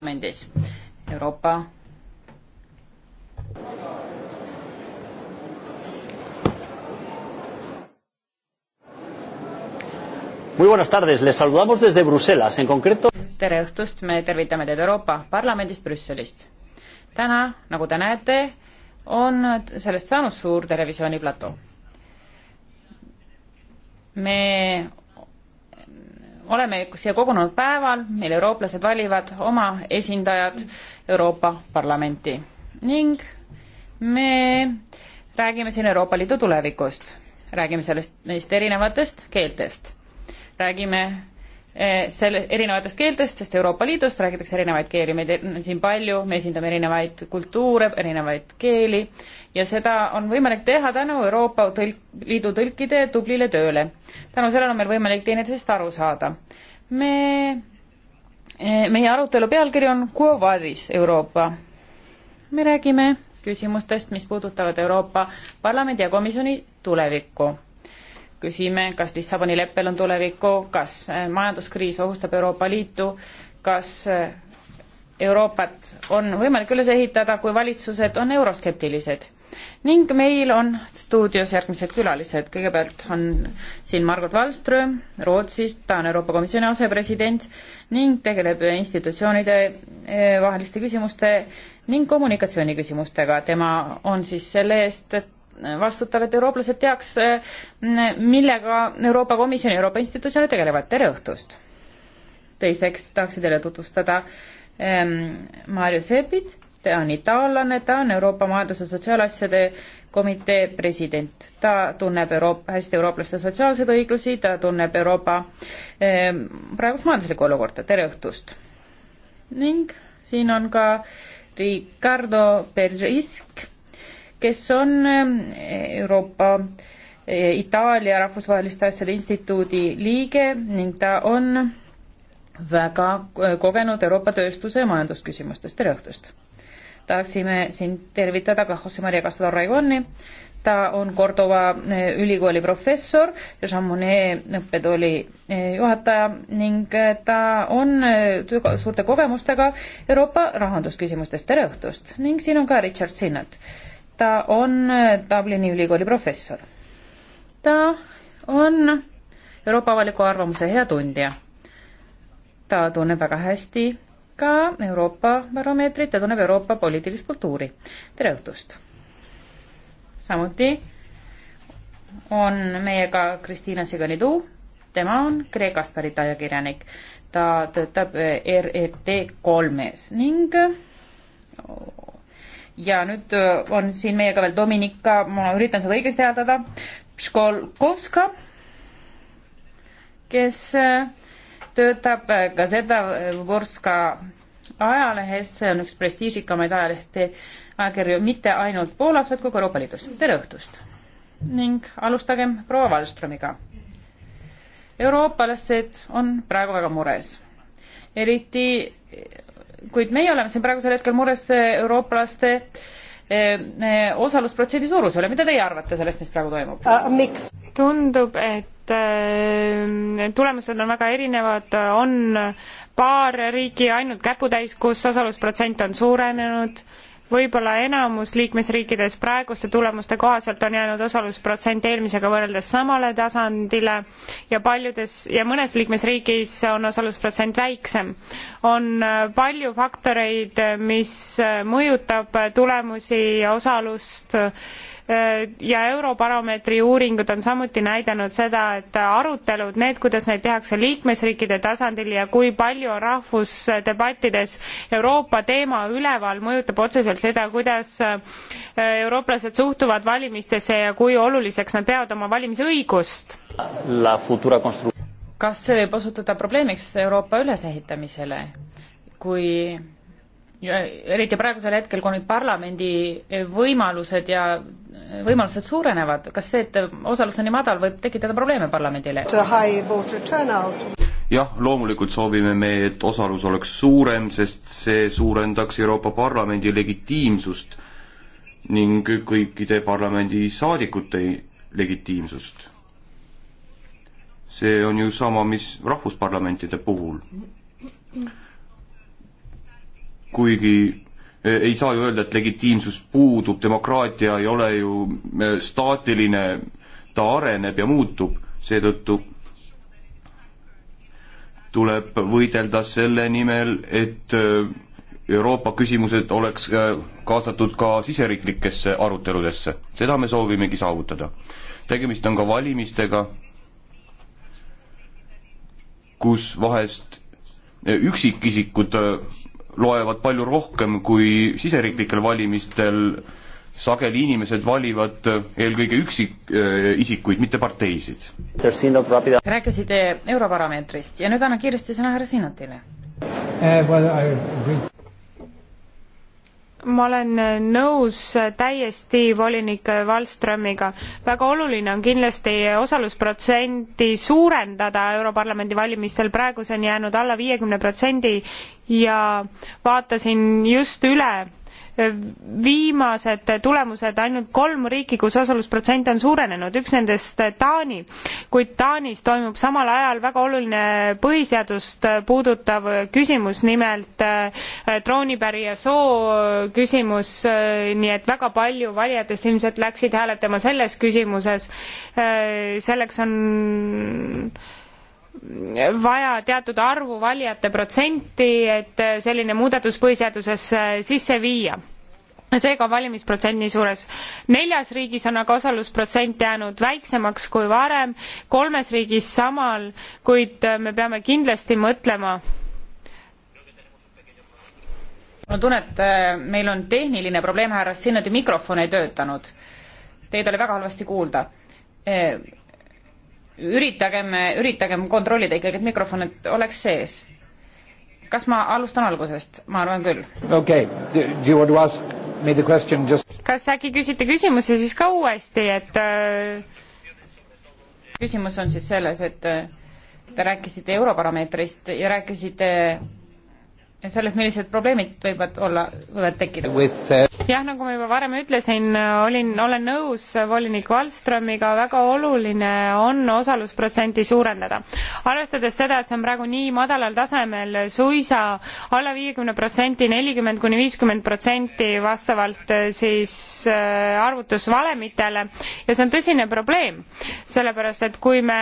parlamendis, Euroopa. Muy buenas tardes, les saludamos desde Bruselas, en concreto. tere õhtust, me tervitame teid Euroopa Parlamendist Brüsselist. täna, nagu te näete, on sellest saanud suur televisiooniplatoo. me oleme siia kogunenud päeval, mil eurooplased valivad oma esindajad Euroopa Parlamenti ning me räägime siin Euroopa Liidu tulevikust, räägime sellest, neist erinevatest keeltest, räägime eh, selle, erinevatest keeltest, sest Euroopa Liidust räägitakse erinevaid keeli, meid on siin palju, me esindame erinevaid kultuure, erinevaid keeli ja seda on võimalik teha tänu Euroopa tõlk, Liidu tõlkide tublile tööle. tänu sellele on meil võimalik teineteisest aru saada. me, meie arutelu pealkiri on Quo Vadis Euroopa. me räägime küsimustest, mis puudutavad Euroopa Parlamendi ja Komisjoni tulevikku küsime, kas Lissaboni leppel on tulevikku, kas äh, majanduskriis ohustab Euroopa Liitu, kas äh, Euroopat on võimalik üles ehitada, kui valitsused on euroskeptilised ning meil on stuudios järgmised külalised, kõigepealt on siin Margot Wallström Rootsist, ta on Euroopa Komisjoni asepresident ning tegeleb institutsioonide eh, vaheliste küsimuste ning kommunikatsiooniküsimustega, tema on siis selle eest, et vastutav, et eurooplased teaks, eh, millega Euroopa Komisjon ja Euroopa institutsioonid tegelevad, tere õhtust! teiseks tahaksin teile tutvustada ähm, eh, Maarju Seepit ta on itaallane, ta on Euroopa Majandus- ja Sotsiaalasjade komitee president. ta tunneb Euroopa, hästi eurooplaste sotsiaalseid õiglusi, ta tunneb Euroopa eh, praegust majanduslikku olukorda, tere õhtust! ning siin on ka Ricardo Perrisk, kes on eh, Euroopa eh, Itaalia Rahvusvaheliste Asjade Instituudi liige ning ta on väga eh, kogenud Euroopa tööstuse ja majandusküsimustes, tere õhtust! tahaksime siin tervitada ka Jose Maria Casado Raigoni, ta on Cordova eh, ülikooli professor ja Chamonix õppetooli eh, juhataja ning eh, ta on suurte kogemustega Euroopa rahandusküsimustes, tere õhtust! ning siin on ka Richard Sinnat. ta on Dublini ülikooli professor. ta on Euroopa avaliku arvamuse hea tundja. ta tunneb väga hästi ka Euroopa baromeetrit ja tunneb Euroopa poliitilist kultuuri. tere õhtust! samuti on meiega Kristiina Siganidu, tema on Kreekast pärit ajakirjanik. ta töötab RET kolmes ning ja nüüd on siin meiega veel Dominika, ma üritan seda õigesti hääldada, Pškolkovska, kes äh, töötab äh, ka seda Vorska äh, ajalehes, see on üks prestiižikamaid ajalehti, ajakirju mitte ainult Poolas, vaid kogu Euroopa Liidus. tere õhtust! ning alustagem proua Wallströmiga. eurooplased on praegu väga mures. eriti, kuid meie oleme siin praegusel hetkel mures äh, eurooplaste osalusprotsendi suuruse üle, mida teie arvate sellest, mis praegu toimub uh,? tundub, et Äh, tulemused on väga erinevad, on paar riiki ainult käputäis, kus osalusprotsent on suurenenud, võib-olla enamus liikmesriikides praeguste tulemuste kohaselt on jäänud osalusprotsent eelmisega võrreldes samale tasandile ja paljudes ja mõnes liikmesriigis on osalusprotsent väiksem. on äh, palju faktoreid, mis äh, mõjutab tulemusi ja osalust Äh, ja Eurobaromeetri uuringud on samuti näidanud seda, et arutelud, need, kuidas neid tehakse liikmesriikide tasandil ja kui palju on rahvusdebattides Euroopa teema üleval, mõjutab otseselt seda, kuidas äh, eurooplased suhtuvad valimistesse ja kui oluliseks nad peavad oma valimisõigust. kas see võib osutuda probleemiks Euroopa ülesehitamisele, kui ja eriti praegusel hetkel, kui nüüd parlamendi võimalused ja võimalused suurenevad, kas see, et osalus on nii madal, võib tekitada probleeme parlamendile? jah, loomulikult soovime me, et osalus oleks suurem, sest see suurendaks Euroopa Parlamendi legitiimsust ning kõikide parlamendisaadikute legitiimsust. see on ju sama, mis rahvusparlamentide puhul kuigi eh, ei saa ju öelda, et legitiimsus puudub, demokraatia ei ole ju eh, staatiline, ta areneb ja muutub, seetõttu tuleb võidelda selle nimel, et eh, Euroopa küsimused oleks kaasatud ka siseriiklikesse aruteludesse, seda me soovimegi saavutada. tegemist on ka valimistega, kus vahest üksikisikud loevad palju rohkem kui siseriiklikel valimistel. sageli inimesed valivad eelkõige üksikisikuid, äh, mitte parteisid. rääkisite Eurobaromeetrist ja nüüd annan kiiresti sõna härra Sinotile eh,. Well, ma olen nõus täiesti volinik Wallströmiga. väga oluline on kindlasti osalusprotsenti suurendada Europarlamendi valimistel, praegu see on jäänud alla viiekümne protsendi ja vaatasin just üle viimased tulemused ainult kolm riiki, kus osalusprotsent on suurenenud, üks nendest Taani, kuid Taanis toimub samal ajal väga oluline põhiseadust puudutav küsimus, nimelt äh, troonipärija soo küsimus, äh, nii et väga palju valijatest ilmselt läksid hääletama selles küsimuses. Äh, selleks on vaja teatud arvu valijate protsenti, et selline muudatus põhiseadusesse sisse viia seega on valimisprotsent nii suures. neljas riigis on aga osalusprotsent jäänud väiksemaks kui varem, kolmes riigis samal, kuid me peame kindlasti mõtlema ma tunnen, et äh, meil on tehniline probleem, härra Sinneti mikrofon ei töötanud. Teid oli väga halvasti kuulda äh, üritagem, üritagem kontrollida ikkagi, et mikrofon et oleks sees. kas ma alustan algusest? ma arvan küll. okei okay., do you want to ask me the question just? kas äkki küsite küsimuse siis ka uuesti, et äh... küsimus on siis selles, et äh, te rääkisite Europarameetrist ja rääkisite selles, millised probleemid võivad olla, võivad tekkida. Uh, jah, nagu ma juba varem ütlesin, olin, olen nõus volinik Wallströmiga, väga oluline on osalusprotsenti suurendada. arvestades seda, et see on praegu nii madalal tasemel, suisa alla viiekümne protsenti, nelikümmend kuni viiskümmend protsenti vastavalt eh, siis eh, arvutusvalemitele ja see on tõsine probleem, sellepärast et kui me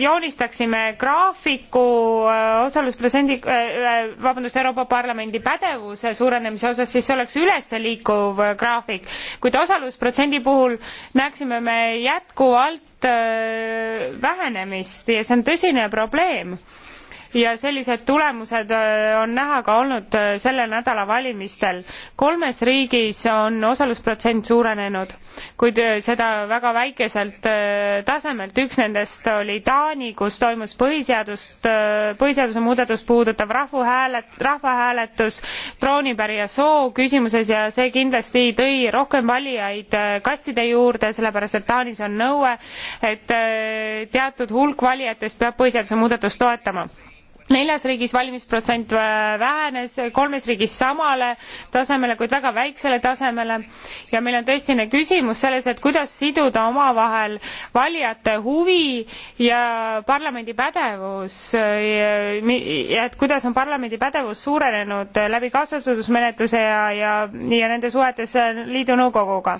joonistaksime graafiku eh, osalusprotsendi, vabandust, vabandust, Euroopa Parlamendi pädevuse suurenemise osas, siis see oleks ülesliikuv graafik, kuid osalusprotsendi puhul näeksime me jätkuvalt äh, vähenemist ja see on tõsine probleem ja sellised tulemused äh, on näha ka olnud äh, selle nädala valimistel. kolmes riigis on osalusprotsent suurenenud, kuid äh, seda väga väikeselt tasemelt. üks nendest oli Taani, kus toimus põhiseadust, põhiseaduse muudatust puudutav rahvuhäälet-, rahvahääletus troonipärija soo küsimuses ja see kindlasti tõi rohkem valijaid kastide juurde, sellepärast et Taanis on nõue, et teatud hulk valijatest peab põhiseaduse muudatust toetama neljas riigis valimisprotsent vähenes, kolmes riigis samale tasemele, kuid väga väiksele tasemele ja meil on tõsine küsimus selles, et kuidas siduda omavahel valijate huvi ja parlamendi pädevus ja et kuidas on parlamendi pädevus suurenenud läbi kaasotsustusmenetluse ja, ja, ja nende suhetes liidu nõukoguga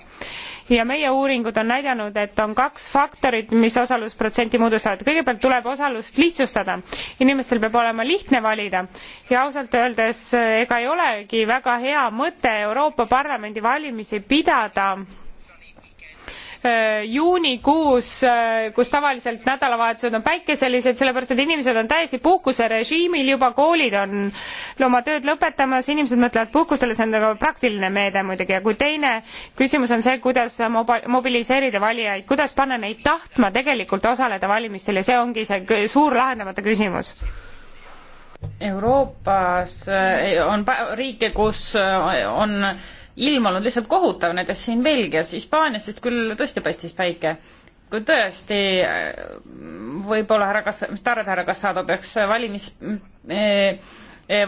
ja meie uuringud on näidanud, et on kaks faktorit, mis osalusprotsenti moodustavad. kõigepealt tuleb osalust lihtsustada. inimestel peab olema lihtne valida ja ausalt öeldes ega ei olegi väga hea mõte Euroopa Parlamendi valimisi pidada Äh, juunikuus, äh, kus tavaliselt nädalavahetused on päikeselised, sellepärast et inimesed on täiesti puhkuserežiimil juba, koolid on oma tööd lõpetamas, inimesed mõtlevad puhkustele, see on väga nagu praktiline meede muidugi, ja kui teine küsimus on see, kuidas mobi-, mobiliseerida valijaid, kuidas panna neid tahtma tegelikult osaleda valimistel ja see ongi see suur lahendamata küsimus Euroopas äh, on riike, kus on ilm olnud lihtsalt kohutav, näiteks siin Belgias, Hispaanias vist küll tõesti paistis päike. kui tõesti äh, võib-olla härra Kassa, mis te arvate, härra Kassado peaks valimis eh,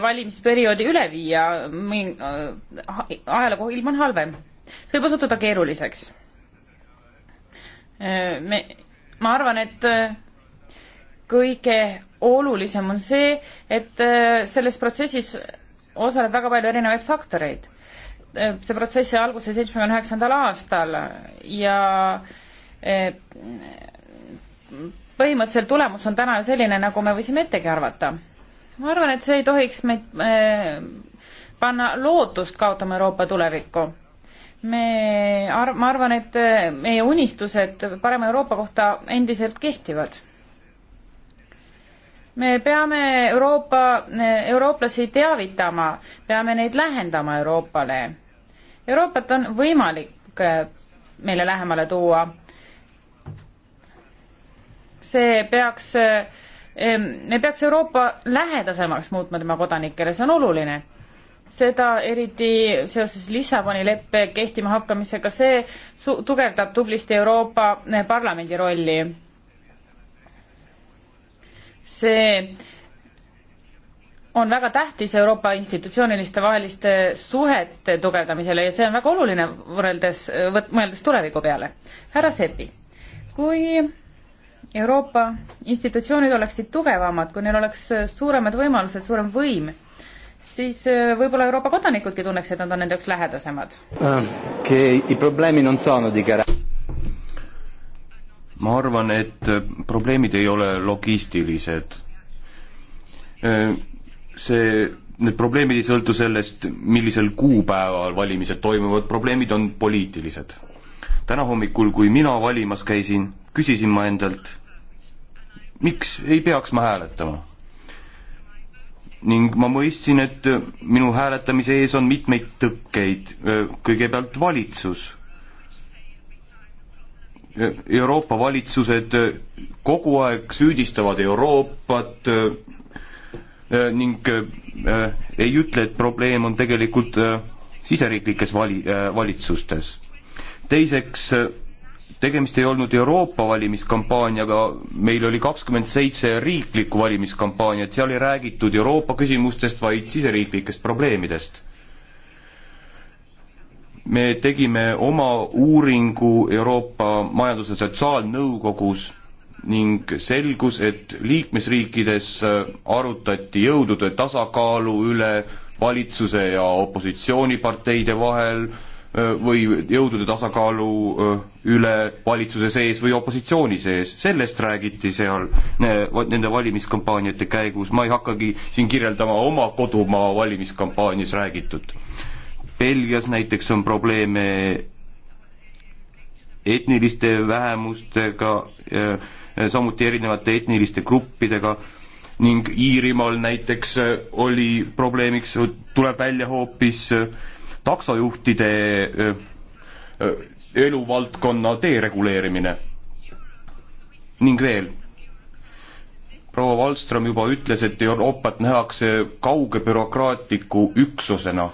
valimisperioodi üle viia, ajalugu ilm on halvem. see võib osutuda keeruliseks. me, ma arvan, et kõige olulisem on see, et selles protsessis osaleb väga palju erinevaid faktoreid see protsess sai alguse seitsmekümne üheksandal aastal ja eh, põhimõtteliselt tulemus on täna ju selline, nagu me võisime ettegi arvata. ma arvan, et see ei tohiks meid eh, panna lootust kaotama Euroopa tulevikku. me arv-, ma arvan, et eh, meie unistused parema Euroopa kohta endiselt kehtivad. me peame Euroopa, eurooplasi teavitama, peame neid lähendama Euroopale Euroopat on võimalik äh, meile lähemale tuua. see peaks, äh, me peaks Euroopa lähedasemaks muutma tema kodanikele, see on oluline. seda eriti seoses Lissaboni leppe kehtima hakkamisega, see tugevdab tublisti Euroopa äh, Parlamendi rolli. see on väga tähtis Euroopa institutsiooniliste vaheliste suhete tugevdamisele ja see on väga oluline võrreldes, mõeldes tuleviku peale. härra Sepi, kui Euroopa institutsioonid oleksid tugevamad, kui neil oleks suuremad võimalused, suurem võim, siis äh, võib-olla Euroopa kodanikudki tunneks, et nad on nende jaoks lähedasemad ah, okay.. ma arvan, et äh, probleemid ei ole logistilised äh, see, need probleemid ei sõltu sellest, millisel kuupäeval valimised toimuvad, probleemid on poliitilised. täna hommikul, kui mina valimas käisin, küsisin ma endalt, miks ei peaks ma hääletama? ning ma mõistsin, et minu hääletamise ees on mitmeid tõkkeid, kõigepealt valitsus. Euroopa valitsused kogu aeg süüdistavad Euroopat Äh, ning äh, ei ütle, et probleem on tegelikult äh, siseriiklikes vali-, valitsustes. teiseks, tegemist ei olnud Euroopa valimiskampaaniaga, meil oli kakskümmend seitse riiklikku valimiskampaaniat, seal ei räägitud Euroopa küsimustest, vaid siseriiklikest probleemidest. me tegime oma uuringu Euroopa Majandus- ja Sotsiaalnõukogus ning selgus, et liikmesriikides äh, arutati jõudude tasakaalu üle valitsuse ja opositsiooniparteide vahel äh, või jõudude tasakaalu äh, üle valitsuse sees või opositsiooni sees, sellest räägiti seal nende valimiskampaaniate käigus, ma ei hakkagi siin kirjeldama oma kodumaa valimiskampaanias räägitut. Belgias näiteks on probleeme etniliste vähemustega äh,, Eh, samuti erinevate etniliste gruppidega ning Iirimaal näiteks eh, oli probleemiks, tuleb välja hoopis eh, taksojuhtide eluvaldkonna dereguleerimine. ning veel, proua Wallström juba ütles, et Euroopat nähakse kauge bürokraatliku üksusena.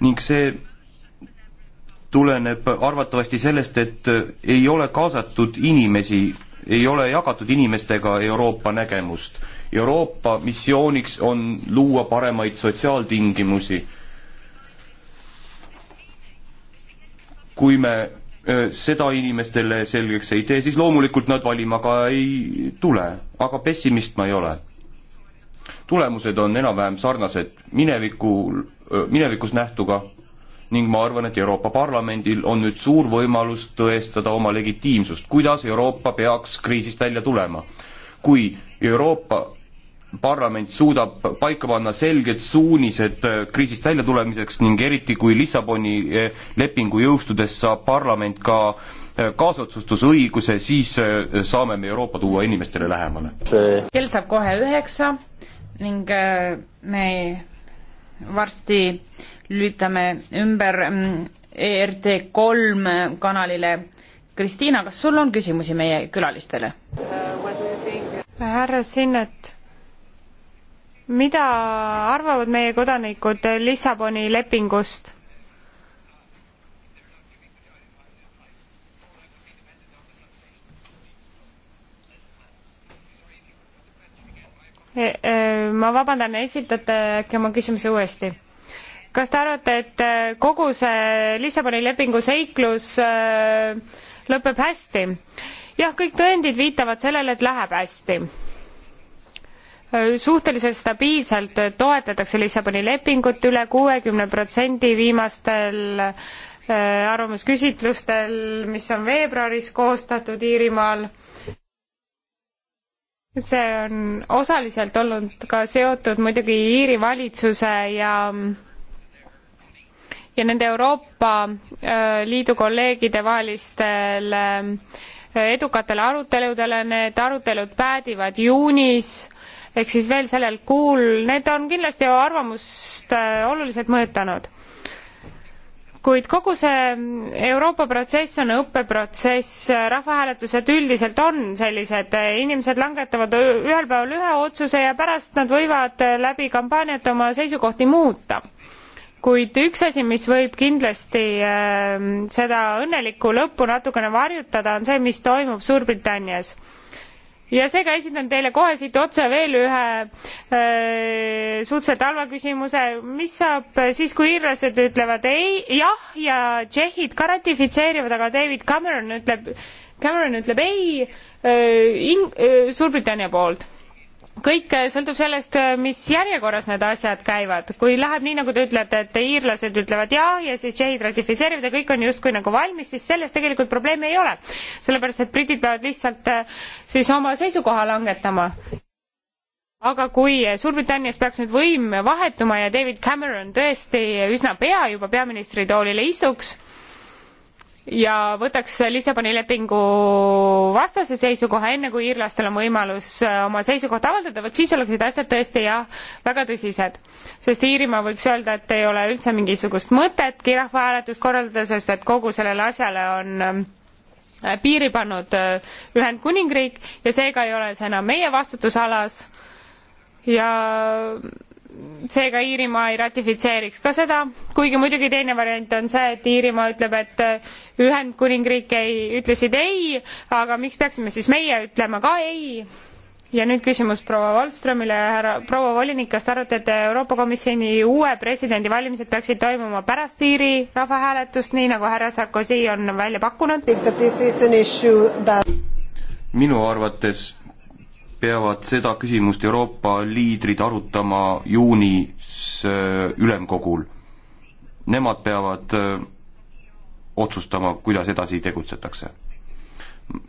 ning see tuleneb arvatavasti sellest, et ei ole kaasatud inimesi, ei ole jagatud inimestega Euroopa nägemust. Euroopa missiooniks on luua paremaid sotsiaaltingimusi. kui me seda inimestele selgeks ei tee, siis loomulikult nad valima ka ei tule, aga pessimist ma ei ole. tulemused on enam-vähem sarnased mineviku, minevikus nähtuga ning ma arvan, et Euroopa Parlamendil on nüüd suur võimalus tõestada oma legitiimsust, kuidas Euroopa peaks kriisist välja tulema. kui Euroopa parlament suudab paika panna selged suunised äh, kriisist välja tulemiseks ning eriti, kui Lissaboni äh, lepingu jõustudes saab parlament ka äh, kaasotsustusõiguse, siis saame me Euroopa tuua inimestele lähemale. kell saab kohe üheksa ning me varsti lülitame ümber mm, ERT kolm kanalile. Kristiina, kas sul on küsimusi meie külalistele uh,? härra Sinnet, mida arvavad meie kodanikud Lissaboni lepingust? E, e, ma vabandan, esitate äkki oma küsimuse uuesti? kas te arvate, et e, kogu see Lissaboni lepingu seiklus lõpeb hästi? jah, kõik tõendid viitavad sellele, et läheb hästi. suhteliselt stabiilselt toetatakse Lissaboni lepingut üle kuuekümne protsendi viimastel arvamusküsitlustel, mis on veebruaris koostatud Iirimaal see on osaliselt olnud ka seotud muidugi Iiri valitsuse ja ja nende Euroopa äh, Liidu kolleegide vahelistele äh, edukatele aruteludele, need arutelud päädivad juunis ehk siis veel sellel kuul, need on kindlasti arvamust äh, oluliselt mõjutanud kuid kogu see Euroopa protsess on õppeprotsess, rahvahääletused üldiselt on sellised, inimesed langetavad ühel päeval ühe otsuse ja pärast nad võivad läbi kampaaniat oma seisukohti muuta. kuid üks asi, mis võib kindlasti ähm, seda õnnelikku lõppu natukene varjutada, on see, mis toimub Suurbritannias ja seega esindan teile kohe siit otse veel ühe äh, suhteliselt halva küsimuse, mis saab siis, kui iirlased ütlevad ei, jah ja tšehhid ka ratifitseerivad, aga David Cameron ütleb, Cameron ütleb ei äh, in- äh,, Suurbritannia poolt kõik äh, sõltub sellest, äh, mis järjekorras need asjad käivad. kui läheb nii, nagu te ütlete, et iirlased ütlevad jah ja siis tšehhid ratifitseerivad ja kõik on justkui nagu valmis, siis selles tegelikult probleemi ei ole. sellepärast, et britid peavad lihtsalt äh, siis oma seisukoha langetama aga kui Suurbritannias peaks nüüd võim vahetuma ja David Cameron tõesti üsna pea juba peaministri toolile istuks, ja võtaks Lissaboni lepingu vastase seisukoha, enne kui iirlastel on võimalus äh, oma seisukohta avaldada, vot siis oleksid asjad tõesti jah, väga tõsised. sest Iirimaa võiks öelda, et ei ole üldse mingisugust mõtetki rahvahääletust korraldada, sest et kogu sellele asjale on äh, piiri pannud äh, Ühendkuningriik ja seega ei ole see enam meie vastutusalas ja seega Iirimaa ei ratifitseeriks ka seda, kuigi muidugi teine variant on see, et Iirimaa ütleb, et äh, Ühendkuningriik ei, ütlesid ei, aga miks peaksime siis meie ütlema ka ei? ja nüüd küsimus proua Wallströmile, härra, proua volinik, kas te arvate, et Euroopa Komisjoni uue presidendi valimised peaksid toimuma pärast Iiri rahvahääletust, nii nagu härra Sarkozy on välja pakkunud? minu arvates peavad seda küsimust Euroopa liidrid arutama juunis äh, ülemkogul. Nemad peavad äh, otsustama, kuidas edasi tegutsetakse.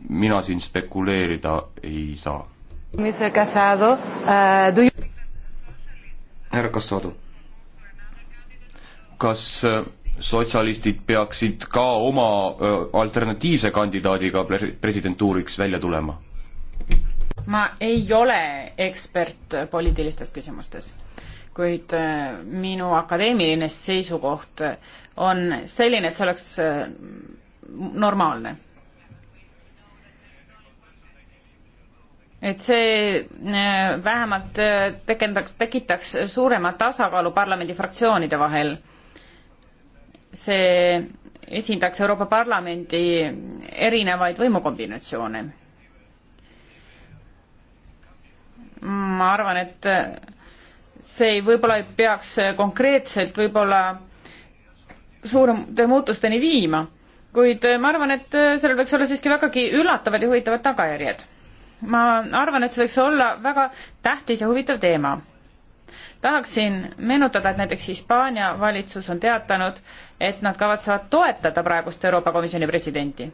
mina siin spekuleerida ei saa. Äh, härra Kassado, kas sotsialistid peaksid ka oma alternatiivse kandidaadiga presidentuuriks välja tulema? ma ei ole ekspert poliitilistes küsimustes, kuid äh, minu akadeemiline seisukoht on selline, et see oleks äh, normaalne. et see äh, vähemalt tekendaks, tekitaks suurema tasakaalu parlamendifraktsioonide vahel. see esindaks Euroopa Parlamendi erinevaid võimukombinatsioone ma arvan, et see ei, võib-olla ei peaks konkreetselt võib-olla suurte muutusteni viima, kuid ma arvan, et sellel võiks olla siiski vägagi üllatavad ja huvitavad tagajärjed. ma arvan, et see võiks olla väga tähtis ja huvitav teema tahaksin meenutada, et näiteks Hispaania valitsus on teatanud, et nad kavatsevad toetada praegust Euroopa Komisjoni presidenti.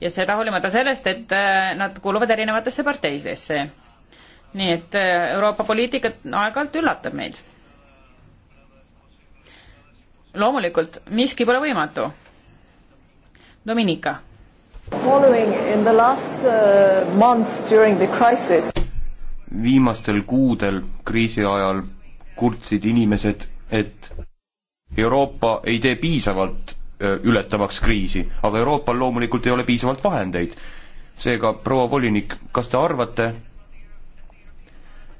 ja seda hoolimata sellest, et nad kuuluvad erinevatesse parteidesse nii et äh, Euroopa poliitika aeg-ajalt üllatab meid. loomulikult, miski pole võimatu. Dominika. Following in the last uh, months during the crisis. viimastel kuudel kriisi ajal kurtsid inimesed, et Euroopa ei tee piisavalt äh, ületamaks kriisi, aga Euroopal loomulikult ei ole piisavalt vahendeid. seega, proua volinik, kas te arvate,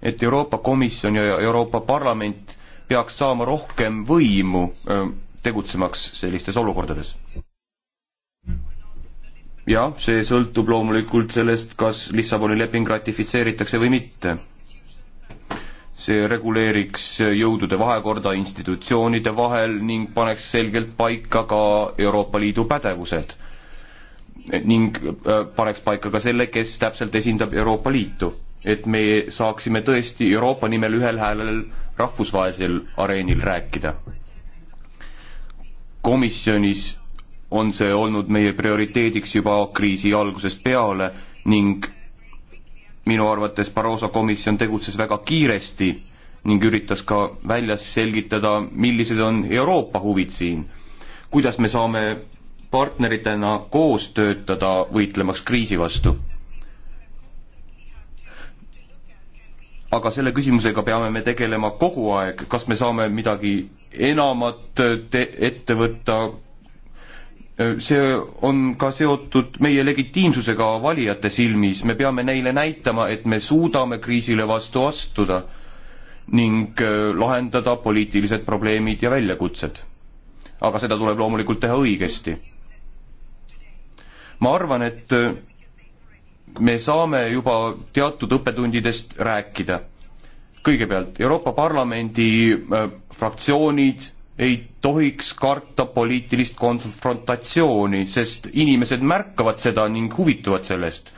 et Euroopa Komisjon ja Euroopa Parlament peaks saama rohkem võimu tegutsemaks sellistes olukordades? jah, see sõltub loomulikult sellest, kas Lissaboni leping ratifitseeritakse või mitte. see reguleeriks jõudude vahekorda institutsioonide vahel ning paneks selgelt paika ka Euroopa Liidu pädevused. ning paneks paika ka selle, kes täpselt esindab Euroopa Liitu et me saaksime tõesti Euroopa nimel ühel häälel rahvusvahelisel areenil rääkida. komisjonis on see olnud meie prioriteediks juba kriisi algusest peale ning minu arvates Barroso komisjon tegutses väga kiiresti ning üritas ka välja selgitada, millised on Euroopa huvid siin. kuidas me saame partneritena koos töötada, võitlemaks kriisi vastu aga selle küsimusega peame me tegelema kogu aeg, kas me saame midagi enamat äh, te-, ette võtta, äh, see on ka seotud meie legitiimsusega valijate silmis, me peame neile näitama, et me suudame kriisile vastu astuda ning äh, lahendada poliitilised probleemid ja väljakutsed. aga seda tuleb loomulikult teha õigesti. ma arvan, et me saame juba teatud õppetundidest rääkida. kõigepealt, Euroopa Parlamendi äh, fraktsioonid ei tohiks karta poliitilist konfrontatsiooni, sest inimesed märkavad seda ning huvituvad sellest.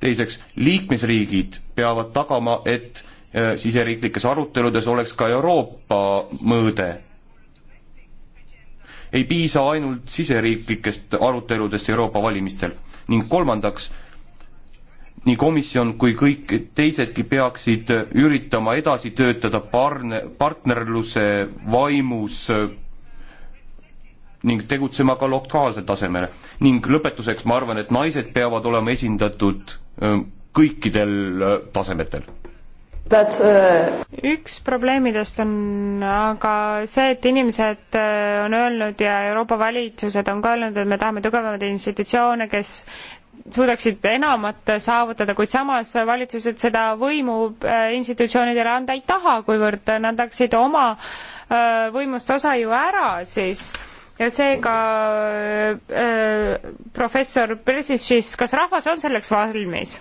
teiseks, liikmesriigid peavad tagama, et äh, siseriiklikes aruteludes oleks ka Euroopa mõõde. ei piisa ainult siseriiklikest aruteludest Euroopa valimistel ning kolmandaks nii komisjon kui kõik teisedki peaksid üritama edasi töötada parne, partnerluse vaimus ning tegutsema ka lokaalsel tasemel. ning lõpetuseks ma arvan, et naised peavad olema esindatud kõikidel tasemetel. Uh... üks probleemidest on aga see, et inimesed on öelnud ja Euroopa valitsused on ka öelnud, et me tahame tugevaid institutsioone, kes suudaksid enamat saavutada, kuid samas valitsused seda võimu äh, institutsioonidele anda ei taha, kuivõrd nad andaksid oma äh, võimust osa ju ära siis ja seega äh, äh professor Persishis, kas rahvas on selleks valmis?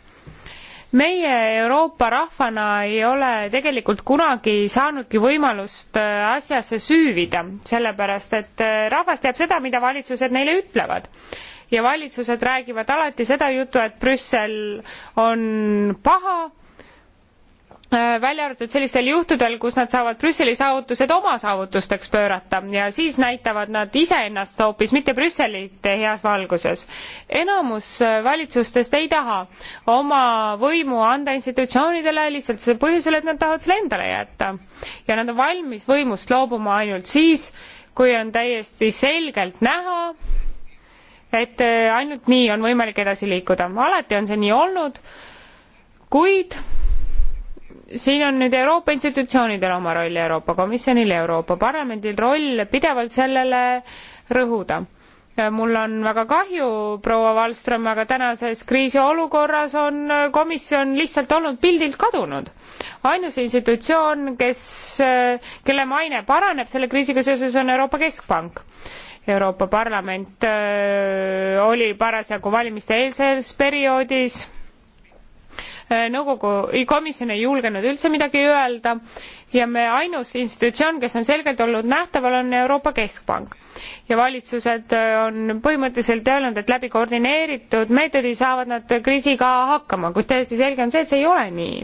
meie Euroopa rahvana ei ole tegelikult kunagi saanudki võimalust asjasse süüvida, sellepärast et rahvas teab seda, mida valitsused neile ütlevad ja valitsused räägivad alati seda juttu, et Brüssel on paha, äh, välja arvatud sellistel juhtudel, kus nad saavad Brüsseli saavutused oma saavutusteks pöörata ja siis näitavad nad iseennast hoopis, mitte Brüsselit heas valguses. enamus äh, valitsustest ei taha oma võimu anda institutsioonidele lihtsalt sel põhjusel, et nad tahavad selle endale jätta. ja nad on valmis võimust loobuma ainult siis, kui on täiesti selgelt näha, et äh, ainult nii on võimalik edasi liikuda. alati on see nii olnud, kuid siin on nüüd Euroopa institutsioonidel oma roll, Euroopa Komisjonil ja Euroopa Parlamendil roll pidevalt sellele rõhuda. Äh, mul on väga kahju, proua Wallström, aga tänases kriisiolukorras on äh, komisjon lihtsalt olnud pildilt kadunud. ainus institutsioon, kes, kelle maine paraneb selle kriisiga seoses, on Euroopa Keskpank Euroopa Parlament oli parasjagu valimiste-eelses perioodis nõukogu komisjon ei julgenud üldse midagi öelda ja me ainus institutsioon kes on selgelt olnud nähtaval on euroopa keskpank ja valitsused on põhimõtteliselt öelnud et läbi koordineeritud meetodi saavad nad kriisiga hakkama kuid täiesti selge on see et see ei ole nii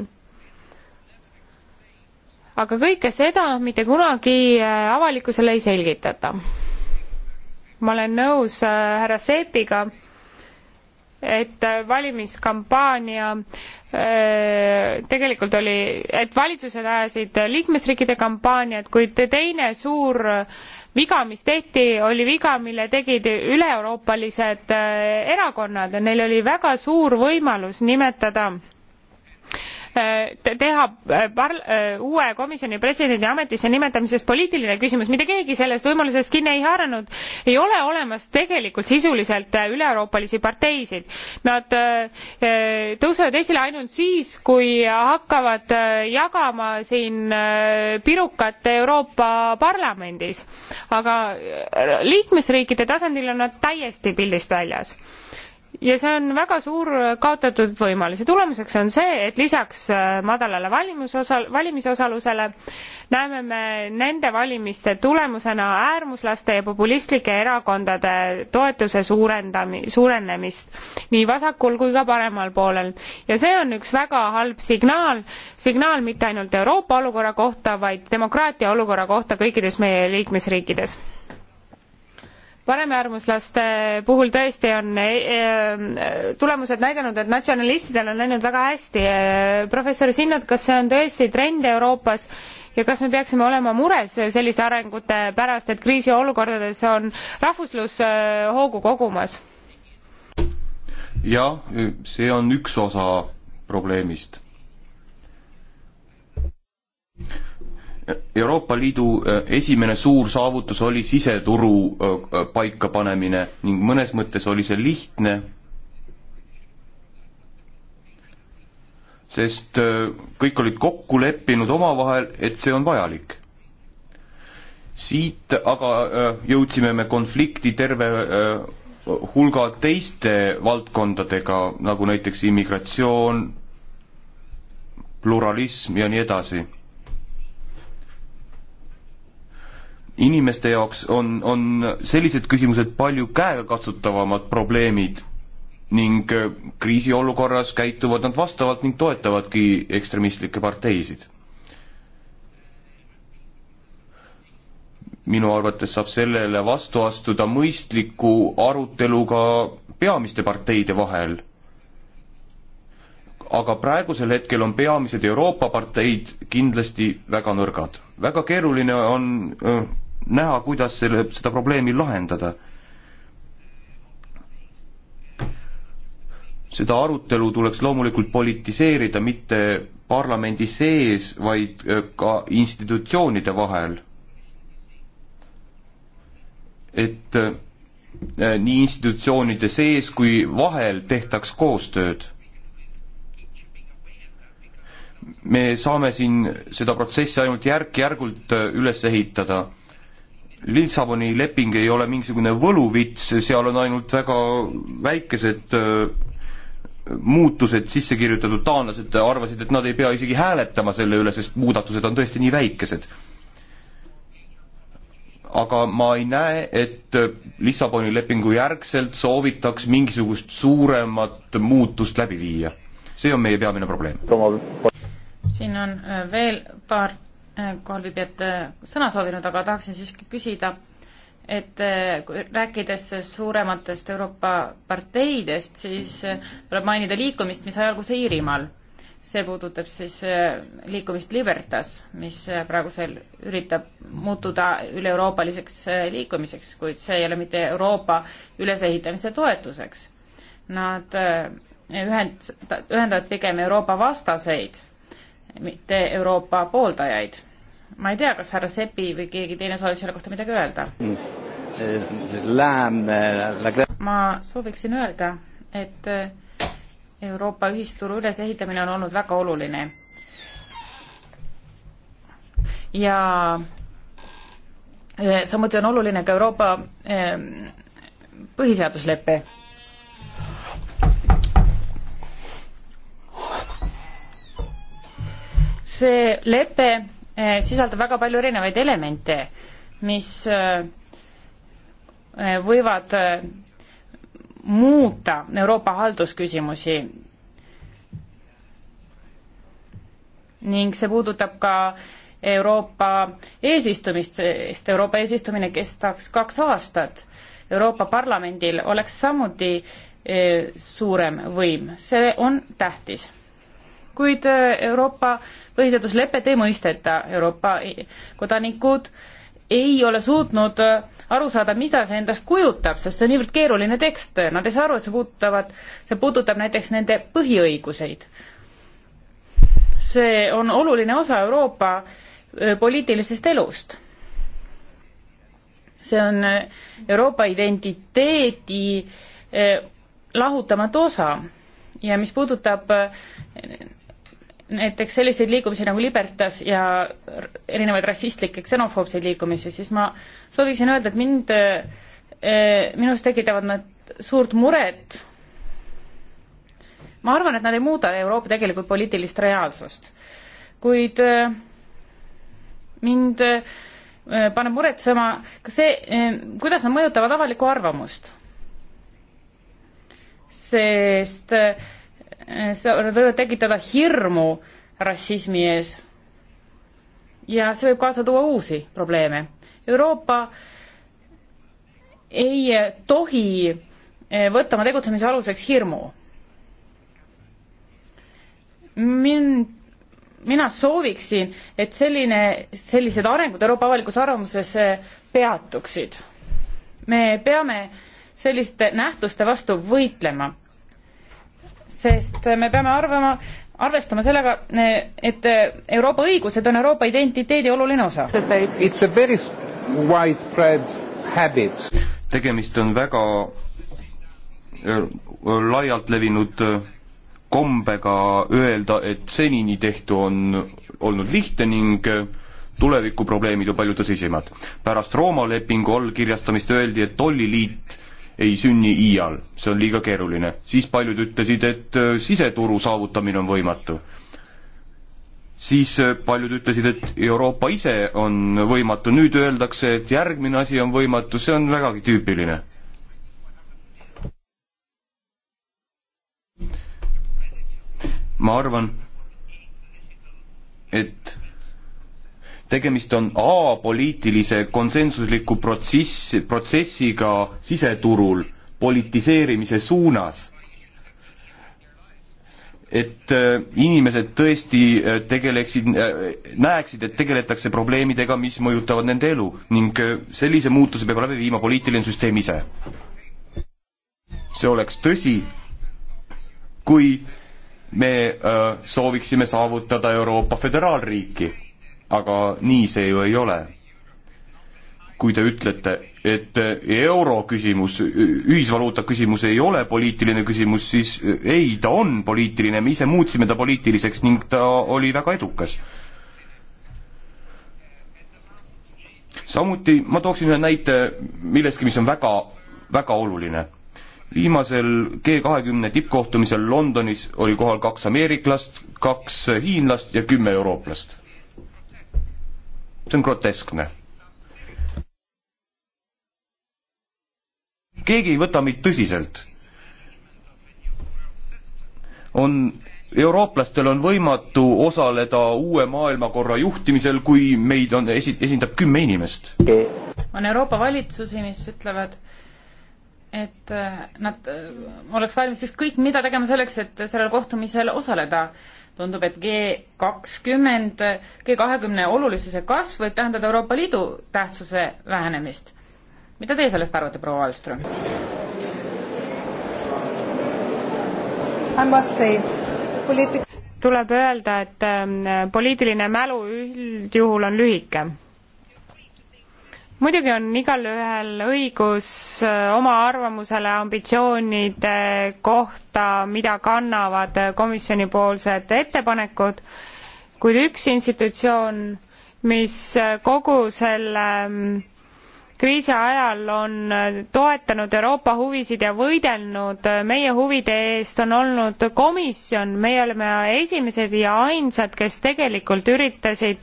aga kõike seda mitte kunagi avalikkusele ei selgitata ma olen nõus äh, härra Seepiga, et äh, valimiskampaania äh, tegelikult oli, et valitsused ajasid liikmesriikide kampaaniat, kuid teine suur viga, mis tehti, oli viga, mille tegid üle-euroopalised erakonnad ja neil oli väga suur võimalus nimetada teha äh, par-, äh, uue komisjoni presidendi ametisse nimetamisest poliitiline küsimus, mitte keegi sellest võimalusest kinni ei haaranud, ei ole olemas tegelikult sisuliselt äh, üle-euroopalisi parteisid. Nad tõusevad esile ainult siis, kui hakkavad jagama siin pirukat Euroopa Parlamendis. aga liikmesriikide tasandil on nad täiesti pildist väljas ja see on väga suur kaotatud võimalus ja tulemuseks on see, et lisaks äh, madalale valimisosal-, valimisosalusele näeme me nende valimiste tulemusena äärmuslaste ja populistlike erakondade toetuse suurendami-, suurenemist nii vasakul kui ka paremal poolel. ja see on üks väga halb signaal, signaal mitte ainult Euroopa olukorra kohta, vaid demokraatia olukorra kohta kõikides meie liikmesriikides paremäärmuslaste puhul tõesti on eh, eh, tulemused näidanud, et natsionalistidel on läinud väga hästi. Eh, professor Sinnat, kas see on tõesti trend Euroopas ja kas me peaksime olema mures selliste arengute pärast, et kriisiolukordades on rahvuslus hoogu kogumas? jah, see on üks osa probleemist Euroopa Liidu äh, esimene suur saavutus oli siseturu äh, paikapanemine ning mõnes mõttes oli see lihtne, sest äh, kõik olid kokku leppinud omavahel, et see on vajalik. siit aga jõudsime me konflikti terve hulga teiste valdkondadega, nagu näiteks immigratsioon, pluralism ja nii edasi inimeste jaoks on, on sellised küsimused palju käegakatsutavamad probleemid ning äh, kriisiolukorras käituvad nad vastavalt ning toetavadki ekstremistlikke parteisid. minu arvates saab sellele vastu astuda mõistliku aruteluga peamiste parteide vahel. aga praegusel hetkel on peamised Euroopa parteid kindlasti väga nõrgad. väga keeruline on äh, näha, kuidas selle, seda probleemi lahendada. seda arutelu tuleks loomulikult politiseerida mitte parlamendi sees, vaid äh, ka institutsioonide vahel. et äh, nii institutsioonide sees kui vahel tehtaks koostööd. me saame siin seda protsessi ainult järk-järgult äh, üles ehitada Lissaboni leping ei ole mingisugune võluvits, seal on ainult väga väikesed äh, muutused sisse kirjutatud, taanlased arvasid, et nad ei pea isegi hääletama selle üle, sest muudatused on tõesti nii väikesed. aga ma ei näe, et Lissaboni lepingu järgselt soovitaks mingisugust suuremat muutust läbi viia. see on meie peamine probleem. siin on äh, veel paar Äh, kolmipidajat äh, sõna soovinud, aga tahaksin siiski küsida, et äh, rääkides suurematest Euroopa parteidest, siis tuleb mainida liikumist, mis sai alguse Iirimaal. see puudutab siis liikumist Libertas, mis praegusel üritab muutuda üle-euroopaliseks liikumiseks, kuid see ei ole mitte Euroopa ülesehitamise toetuseks. Nad ühend-, ühendavad pigem Euroopa vastaseid, mitte Euroopa pooldajaid ma ei tea, kas härra Sepi või keegi teine soovib selle kohta midagi öelda? ma sooviksin öelda, et eh, Euroopa ühisturu ülesehitamine on olnud väga oluline. ja eh, samuti on oluline ka Euroopa eh, põhiseaduslepe. see lepe Eh, sisaldab väga palju erinevaid elemente, mis eh, eh, võivad muuta Euroopa haldusküsimusi. ning see puudutab ka Euroopa eesistumist, sest Euroopa eesistumine kestaks kaks aastat. Euroopa Parlamendil oleks samuti suurem võim, see on tähtis kuid äh, Euroopa põhiseaduslepet ei mõisteta, Euroopa kodanikud ei ole suutnud äh, aru saada, mida see endast kujutab, sest see on niivõrd keeruline tekst, nad ei saa aru, et see puudutavad, see puudutab näiteks nende põhiõiguseid. see on oluline osa Euroopa äh, poliitilisest elust. see on Euroopa identiteedi lahutamatu osa ja mis puudutab näiteks selliseid liikumisi nagu Libertas ja erinevaid rassistlikke ksenofoobseid liikumisi, siis ma sooviksin öelda, et mind, eh, minus tekitavad nad suurt muret. ma arvan, et nad ei muuda Euroopa tegelikult poliitilist reaalsust, kuid eh, mind eh, paneb muretsema ka see, kuidas nad mõjutavad avalikku arvamust. sest äh, nad eh, võivad tekitada hirmu rassismi ees. ja see võib kaasa tuua uusi probleeme. Euroopa ei tohi eh, võtta oma tegutsemise aluseks hirmu. mind mina sooviksin, et selline, sellised arengud Euroopa avalikus arvamuses eh, peatuksid. me peame selliste nähtuste vastu võitlema sest me peame arvama, arvestama sellega, et Euroopa õigused on Euroopa identiteedi oluline osa. tegemist on väga äh, laialt levinud äh, kombega öelda, et senini tehtu on olnud lihtne ning äh, tulevikuprobleemid on palju tõsisemad. pärast Rooma lepingu allkirjastamist öeldi, et tolliliit ei sünni iial, see on liiga keeruline. siis paljud ütlesid, et äh, siseturu saavutamine on võimatu. siis äh, paljud ütlesid, et Euroopa ise on võimatu, nüüd öeldakse, et järgmine asi on võimatu, see on vägagi tüüpiline. ma arvan, et tegemist on apoliitilise konsensusliku protsess, protsessiga siseturul politiseerimise suunas. et äh, inimesed tõesti äh, tegeleksid, äh, näeksid, et tegeletakse probleemidega, mis mõjutavad nende elu ning sellise muutuse peab läbi viima poliitiline süsteem ise. see oleks tõsi, kui me öö, sooviksime saavutada Euroopa föderaalriiki aga nii see ju ei ole. kui te ütlete, et euro küsimus, ühisvaluuta küsimus ei ole poliitiline küsimus, siis ei, ta on poliitiline, me ise muutsime ta poliitiliseks ning ta oli väga edukas samuti ma tooksin ühe näite millestki, mis on väga, väga oluline. viimasel G kahekümne tippkohtumisel Londonis oli kohal kaks ameeriklast, kaks hiinlast ja kümme eurooplast see on groteskne. keegi ei võta meid tõsiselt. on, eurooplastel on võimatu osaleda uue maailmakorra juhtimisel, kui meid on, esi-, esindab kümme inimest. on Euroopa valitsusi, mis ütlevad, et äh, nad äh, oleks valmis ükskõik mida tegema selleks, et sellel kohtumisel osaleda tundub, et G kakskümmend, G kahekümne olulisuse kasv võib tähendada Euroopa Liidu tähtsuse vähenemist. mida teie sellest arvate, proua Alström? tuleb öelda, et ähm, poliitiline mälu üldjuhul on lühike muidugi on igalühel õigus äh, oma arvamusele ambitsioonide kohta, mida kannavad äh, komisjonipoolsed ettepanekud, kuid üks institutsioon, mis äh, kogu selle mm, kriisi ajal on toetanud Euroopa huvisid ja võidelnud meie huvide eest, on olnud komisjon, meie oleme esimesed ja ainsad, kes tegelikult üritasid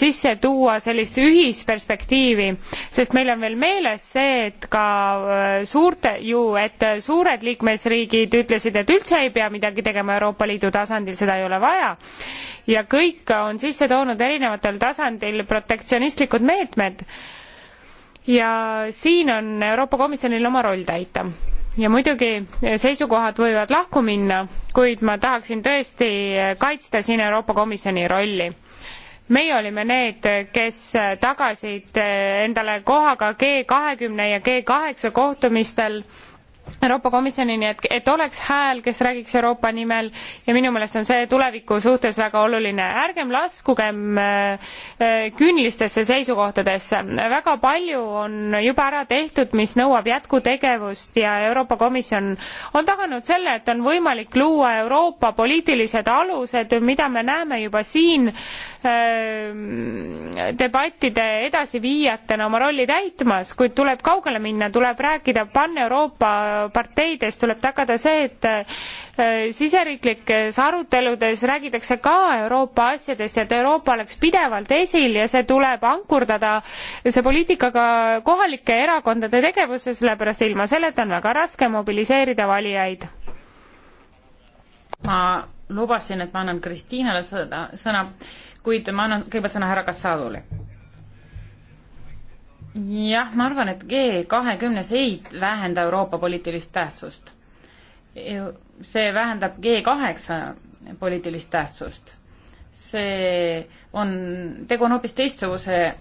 sisse tuua sellist ühisperspektiivi, sest meil on veel meeles see, et ka äh, suurte ju, et suured liikmesriigid ütlesid, et üldse ei pea midagi tegema Euroopa Liidu tasandil, seda ei ole vaja. ja kõik on sisse toonud erinevatel tasandil protektsionistlikud meetmed ja siin on Euroopa Komisjonil oma roll täita. ja muidugi seisukohad võivad lahku minna, kuid ma tahaksin tõesti kaitsta siin Euroopa Komisjoni rolli meie olime need, kes tagasid endale koha ka G kahekümne ja G kaheksa kohtumistel Euroopa Komisjonini, et, et oleks hääl, kes räägiks Euroopa nimel ja minu meelest on see tuleviku suhtes väga oluline. ärgem laskugem äh, äh, küünlistesse seisukohtadesse. väga palju on juba ära tehtud, mis nõuab jätkutegevust ja Euroopa Komisjon on taganud selle, et on võimalik luua Euroopa poliitilised alused, mida me näeme juba siin äh, debattide edasiviijatena oma rolli täitmas, kuid tuleb kaugele minna, tuleb rääkida pan-Euroopa parteides tuleb tagada see, et äh, siseriiklikes aruteludes räägitakse ka Euroopa asjadest ja et Euroopa oleks pidevalt esil ja see tuleb ankurdada, see poliitika ka kohalike erakondade tegevusse, sellepärast ilma selleta on väga raske mobiliseerida valijaid. ma lubasin, et ma annan Kristiinale sõna, sõna, kuid ma annan kõigepealt sõna härra Kassadule jah, ma arvan, et G kahekümnes ei vähenda Euroopa poliitilist tähtsust. E, see vähendab G kaheksa poliitilist tähtsust. see on, tegu on hoopis teistsuguse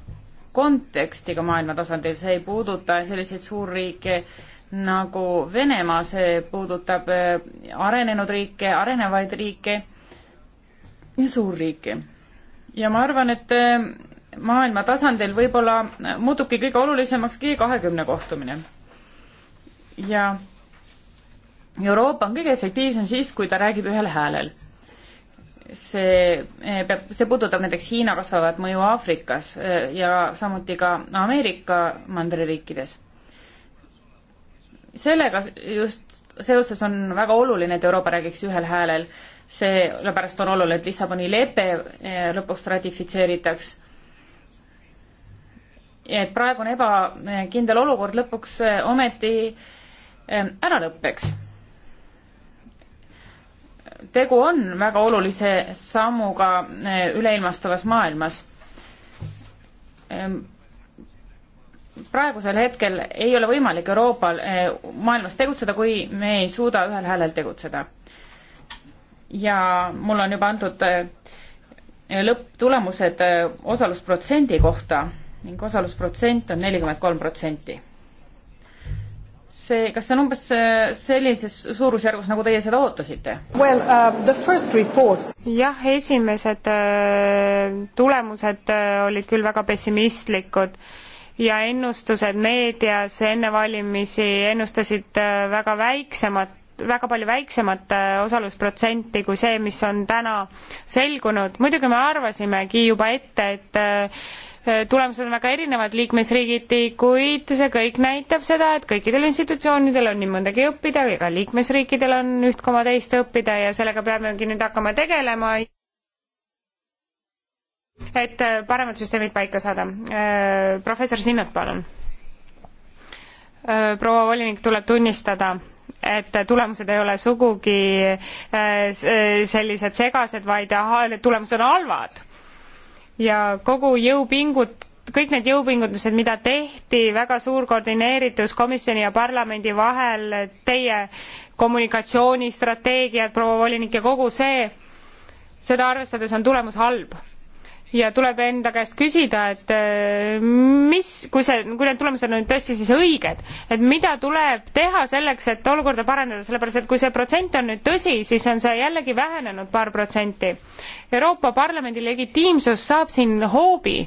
kontekstiga maailma tasandil, see ei puuduta selliseid suurriike nagu Venemaa, see puudutab e, arenenud riike, arenevaid riike ja suurriike. ja ma arvan, et e, maailma tasandil võib-olla muutubki kõige olulisemaks G kahekümne kohtumine. ja Euroopa on kõige efektiivsem siis, kui ta räägib ühel häälel. see eh, peab, see puudutab näiteks Hiina kasvavat mõju Aafrikas eh, ja samuti ka Ameerika mandririikides. sellega just seoses on väga oluline, et Euroopa räägiks ühel häälel, sellepärast on oluline, et Lissaboni lepe eh, lõpuks ratifitseeritaks et praegune ebakindel olukord lõpuks eh, ometi eh, ära lõpeks. tegu on väga olulise sammuga eh, üleilmastuvas maailmas. Ehm, praegusel hetkel ei ole võimalik Euroopal maailmas tegutseda, kui me ei suuda ühel häälel tegutseda. ja mul on juba antud lõpptulemused osalusprotsendi kohta ning osalusprotsent on nelikümmend kolm protsenti. see, kas see on umbes äh, sellises suurusjärgus, nagu teie seda ootasite well,? Uh, jah, esimesed uh, tulemused uh, olid küll väga pessimistlikud ja ennustused meedias enne valimisi ennustasid uh, väga väiksemat väga palju väiksemat osalusprotsenti kui see, mis on täna selgunud. muidugi me arvasimegi juba ette, et Äh, tulemused on väga erinevad liikmesriigiti, kuid see kõik näitab seda, et kõikidel institutsioonidel on nii mõndagi õppida, ka liikmesriikidel on üht koma teist õppida ja sellega peamegi nüüd hakkama tegelema. et äh, paremad süsteemid paika saada. Äh, professor Sinnat, palun. proua volinik, tuleb tunnistada et tulemused ei ole sugugi sellised segased, vaid tulemused on halvad ja kogu jõupingut-, kõik need jõupingutused, mida tehti, väga suur koordineeritus komisjoni ja parlamendi vahel, teie kommunikatsioonistrateegiad, proua volinik ja kogu see, seda arvestades on tulemus halb ja tuleb enda käest küsida, et äh, mis, kui see, kui need tulemused on nüüd tõesti siis õiged, et mida tuleb teha selleks, et olukorda parandada, sellepärast et kui see protsent on nüüd tõsi, siis on see jällegi vähenenud paar protsenti. Euroopa Parlamendi legitiimsus saab siin hoobi,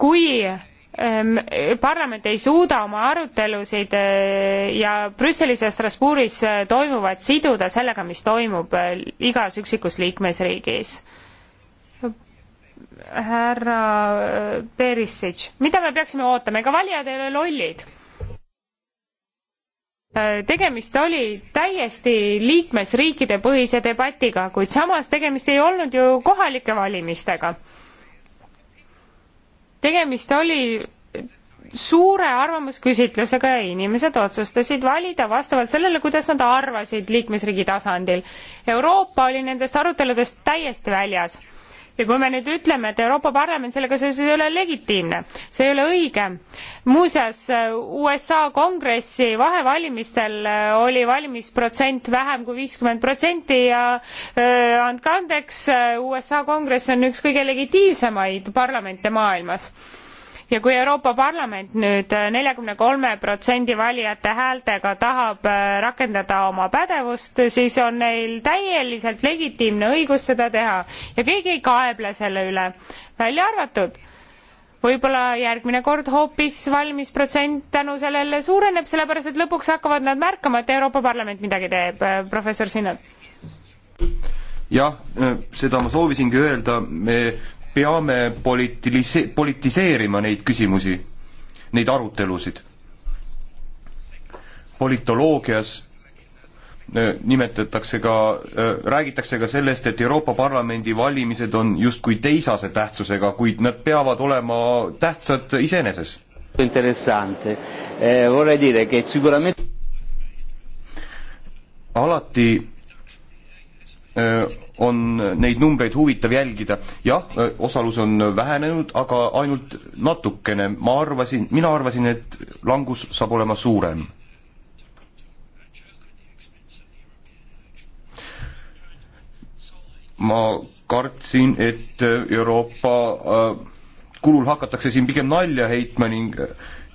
kui ähm, parlament ei suuda oma arutelusid äh, ja Brüsselis ja Strasbourgis äh, toimuvat siduda sellega, mis toimub igas üksikus liikmesriigis härra äh, Perisic, mida me peaksime ootama, ega valijad ei ole lollid äh, tegemist oli täiesti liikmesriikide põhise debatiga, kuid samas tegemist ei olnud ju kohalike valimistega. tegemist oli suure arvamusküsitlusega ja inimesed otsustasid valida vastavalt sellele, kuidas nad arvasid liikmesriigi tasandil. Euroopa oli nendest aruteludest täiesti väljas ja kui me nüüd ütleme, et Euroopa Parlament sellega seoses ei ole legitiimne, see ei ole õige. muuseas, USA kongressi vahevalimistel äh, oli valimisprotsent vähem kui viiskümmend protsenti ja äh, andke andeks, äh, USA kongress on üks kõige legitiimsemaid parlamente maailmas ja kui Euroopa Parlament nüüd neljakümne kolme protsendi valijate häältega tahab äh, rakendada oma pädevust, siis on neil täieliselt legitiimne õigus seda teha ja keegi ei kaeble selle üle, välja arvatud võib-olla järgmine kord hoopis valmisprotsent tänu sellele suureneb, sellepärast et lõpuks hakkavad nad märkama, et Euroopa Parlament midagi teeb, äh, professor Sinnal. jah, äh, seda ma soovisingi öelda, me peame politilise-, politiseerima neid küsimusi, neid arutelusid. politoloogias äh, nimetatakse ka, äh, räägitakse ka sellest, et Euroopa Parlamendi valimised on justkui teisase tähtsusega, kuid nad peavad olema tähtsad iseeneses. Eh, alati Äh, on neid numbreid huvitav jälgida. jah, äh, osalus on vähenenud, aga ainult natukene, ma arvasin, mina arvasin, et langus saab olema suurem. ma kartsin, et Euroopa äh, kulul hakatakse siin pigem nalja heitma ning,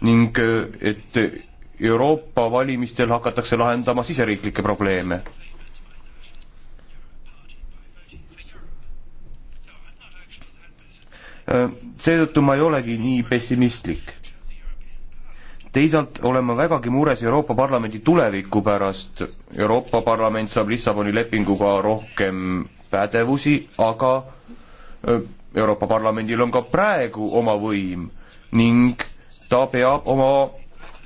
ning et Euroopa valimistel hakatakse lahendama siseriiklikke probleeme Äh, seetõttu ma ei olegi nii pessimistlik. teisalt olen ma vägagi mures Euroopa Parlamendi tuleviku pärast. Euroopa Parlament saab Lissaboni lepinguga rohkem pädevusi, aga äh, Euroopa Parlamendil on ka praegu oma võim ning ta peab oma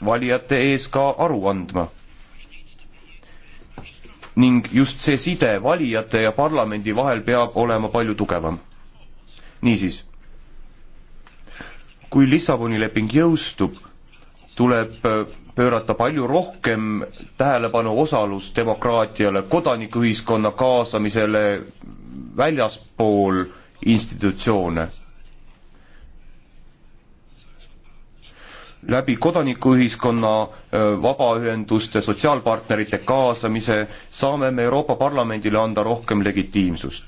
valijate ees ka aru andma ning just see side valijate ja parlamendi vahel peab olema palju tugevam. niisiis, kui Lissaboni leping jõustub, tuleb äh, pöörata palju rohkem tähelepanu osalusdemokraatiale, kodanikuühiskonna kaasamisele väljaspool institutsioone. läbi kodanikuühiskonna, äh, vabaühenduste, sotsiaalpartnerite kaasamise saame me Euroopa Parlamendile anda rohkem legitiimsust.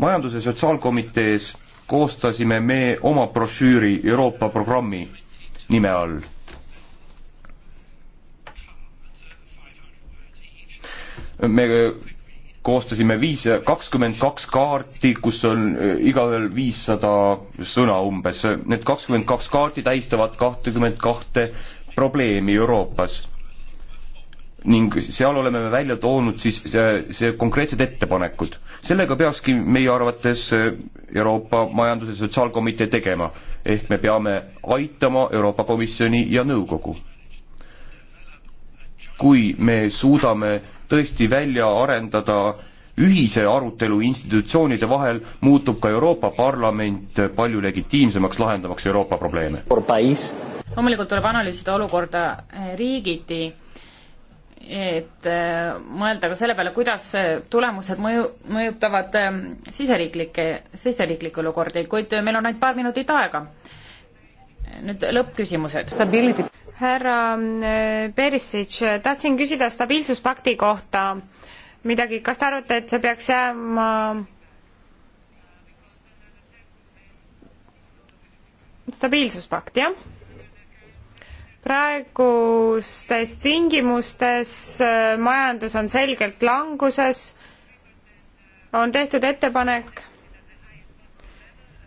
majandus- ja sotsiaalkomitees koostasime me oma brošüüri Euroopa programmi nime all. me koostasime viis, kakskümmend kaks kaarti, kus on äh, igaühel viissada sõna umbes. Need kakskümmend kaks kaarti tähistavad kahtekümmet kahte probleemi Euroopas ning seal oleme me välja toonud siis see, see konkreetsed ettepanekud. sellega peakski meie arvates eh, Euroopa Majandus- ja Sotsiaalkomitee tegema, ehk me peame aitama Euroopa Komisjoni ja nõukogu. kui me suudame tõesti välja arendada ühise arutelu institutsioonide vahel, muutub ka Euroopa Parlament palju legitiimsemaks lahendamaks Euroopa probleeme. loomulikult tuleb analüüsida olukorda eh, riigiti et äh, mõelda ka selle peale, kuidas äh, tulemused mõju, mõjutavad ähm, siseriiklikke, siseriiklikke olukordi, kuid äh, meil on ainult paar minutit aega. nüüd lõppküsimused. härra Perisic, tahtsin küsida stabiilsuspakti kohta midagi, kas te arvate, et see peaks jääma stabiilsuspakt, jah? praegustes tingimustes äh, majandus on selgelt languses, on tehtud ettepanek,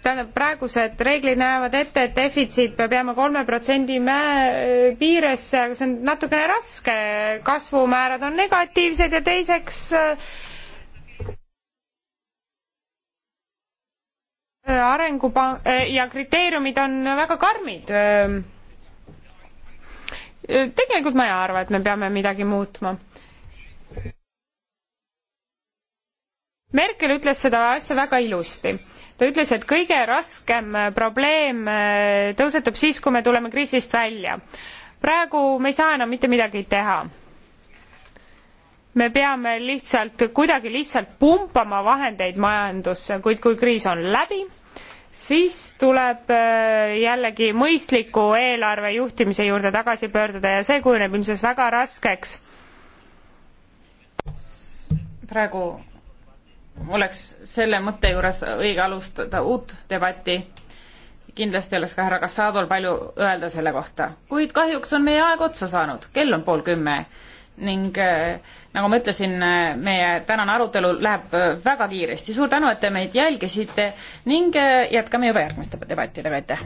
tähendab, praegused reeglid näevad ette, et defitsiit peab jääma kolme protsendi mäe piiresse, aga see on natukene raske, kasvumäärad on negatiivsed ja teiseks äh, arengupank- ja kriteeriumid on väga karmid Äh, tegelikult ma ei arva, et me peame midagi muutma. Merkel ütles seda asja väga ilusti. ta ütles, et kõige raskem äh, probleem äh, tõusetub siis, kui me tuleme kriisist välja. praegu me ei saa enam mitte midagi teha. me peame lihtsalt kuidagi lihtsalt pumpama vahendeid majandusse, kuid kui kriis on läbi, siis tuleb äh, jällegi mõistliku eelarve juhtimise juurde tagasi pöörduda ja see kujuneb ilmselt väga raskeks. praegu oleks selle mõtte juures õige alustada uut debatti. kindlasti oleks ka härra Kassadol palju öelda selle kohta, kuid kahjuks on meie aeg otsa saanud, kell on pool kümme ning äh, nagu ma ütlesin, äh, meie tänane arutelu läheb äh, väga kiiresti. suur tänu, et te meid jälgisite ning jätkame juba järgmiste debattidega, aitäh!